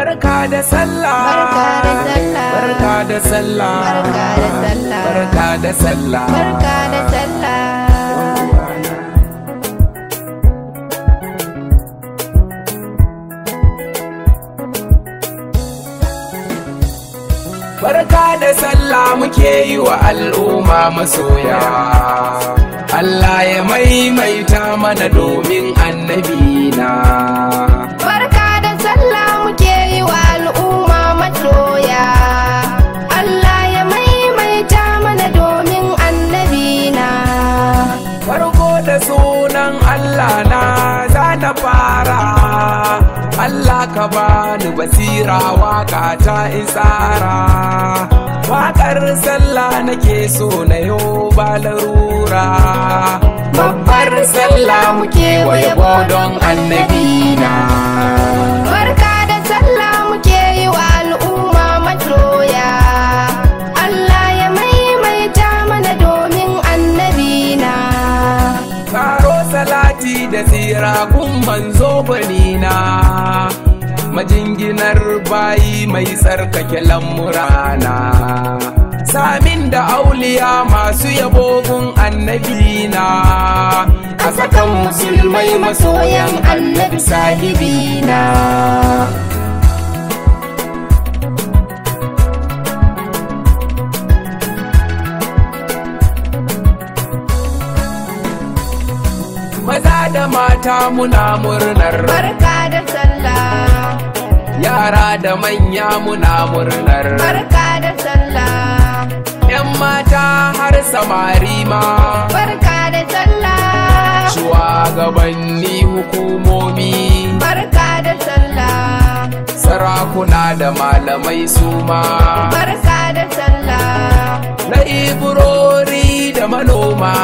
Barka da sallah. Barka da sallah. Barka da sallah. Barka da sallah. Barka da sallah da Sallah muke yi wa al'umma masoya. Allah ya maimaita mana domin annabina. ka bani basira waka ta isara waƙar sallah nake so na yau, ba larura babbar sallah muke wa yabo don annabina barka da sallah muke yi wa al'umma matroya Allah ya maimaita mana domin annabina karo salati da tsira kun manzo banina aminar bayi mai tsarkake lamurana samin da auliya masu yabogun Annabina. na a saka musulmai masoyan annabi sahibi na maza da mata muna murnar barka da manya muna murnar barka da sallah yan mata har samari ma barka da sallah shugabanni hukumomi barka da sallah sarakuna da malamai su ma barka da sallah na iburori da manoma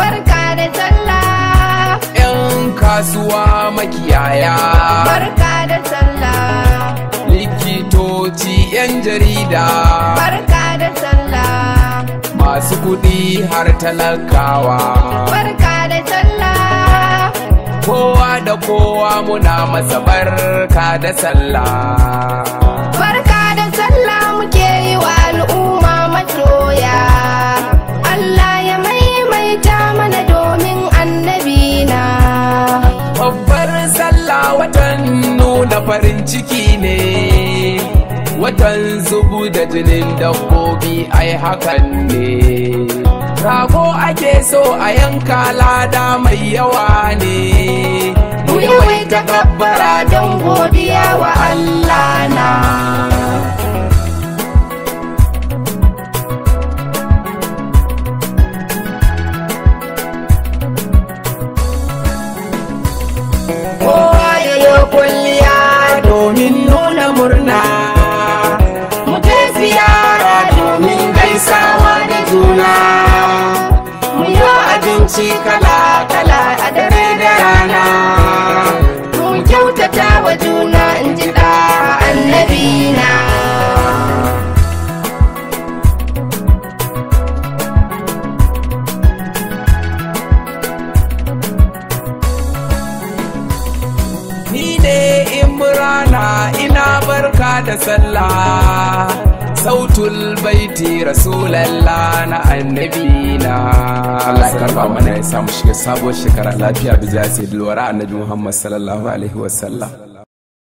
barka da sallah yan kasuwa makiyaya barka jarida barka da sallah masu kuɗi har talakawa barka da sallah kowa da kowa muna masa barka da sallah barka da sallah muke yi wa al'umma matoya Allah ya maimaita mana domin annabina babbar sallah watan nuna farin ciki kan zubu da jinin dabbobi ai hakan ne rago ake so a yanka lada mai yawa ne mu yawaita gabbara don godiya Ci kala-kala a dare da rana Mun kyautata wa juna in ji da annabi ni ina barka da sallah sautul baiti rasulallah na annabina Allah ya karba mana ya samu shiga sabuwar shekara lafiya da jasi da lura annabi Muhammad sallallahu alaihi wasallam